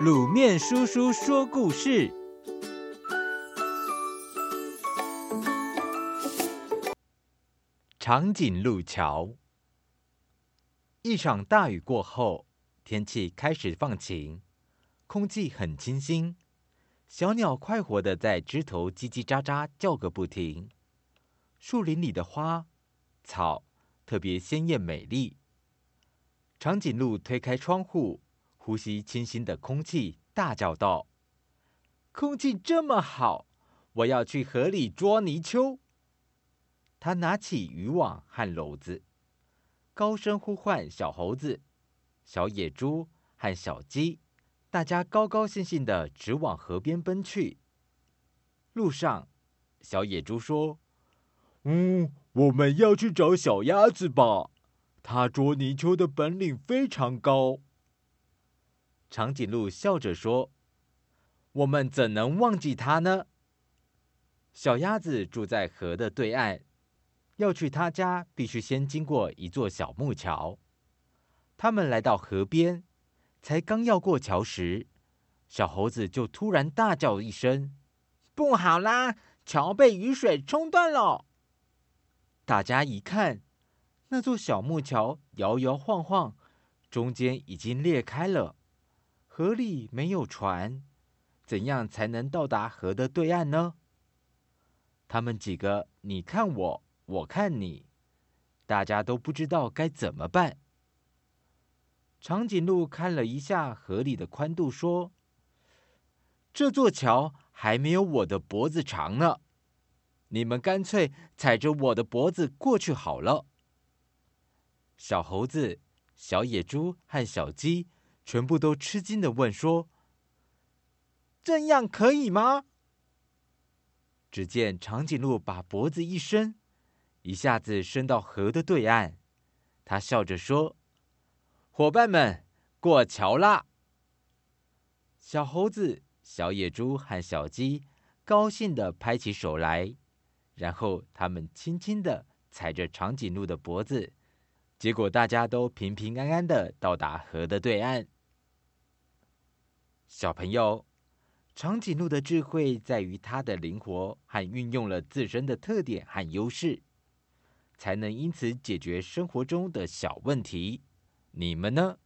滷麵叔叔說故事：長頸鹿橋。一場大雨過後，天氣開始放晴，空氣很清新，小鳥快活的在枝頭嘰嘰喳喳叫個不停。樹林裡的花草特別鮮豔美麗。長頸鹿推開窗戶，呼吸清新的空氣，大叫道：“空氣這麼好，我要去河裡捉泥鰍。”他拿起漁網和簍子，高聲呼喚小猴子、小野豬和小雞，大家高高興興地直往河邊奔去。路上，小野豬說：“嗯，我們要去找小鴨子吧，它捉泥鰍的本領非常高。”長頸鹿笑着說：“我們怎能忘記它呢？”小鴨子住在河的對岸，要去他家必須先經過一座小木橋。他們來到河邊，才剛要過橋時，小猴子就突然大叫一聲：“不好啦！橋被雨水沖斷了！”大家一看，那座小木橋搖搖晃晃，中間已經裂開了。河裡沒有船，怎樣才能到達河的對岸呢？他們幾個，你看我，我看你，大家都不知道該怎麼辦。長頸鹿看了一下河裡的寬度，說：“這座橋還沒有我的脖子長呢，你們乾脆踩着我的脖子過去好了。”小猴子、小野豬和小雞。全部都吃驚的問說：“這樣可以嗎？”只見長頸鹿把脖子一伸，一下子伸到河的對岸。他笑着說：“伙伴們，過橋啦！”小猴子、小野豬和小雞高興地拍起手來，然後他們輕輕地踩着長頸鹿的脖子，結果大家都平平安安地到達河的對岸。小朋友，長頸鹿的智慧，在於它的靈活，還運用了自身的特點和優勢，才能因此解決生活中的小問題。你們呢？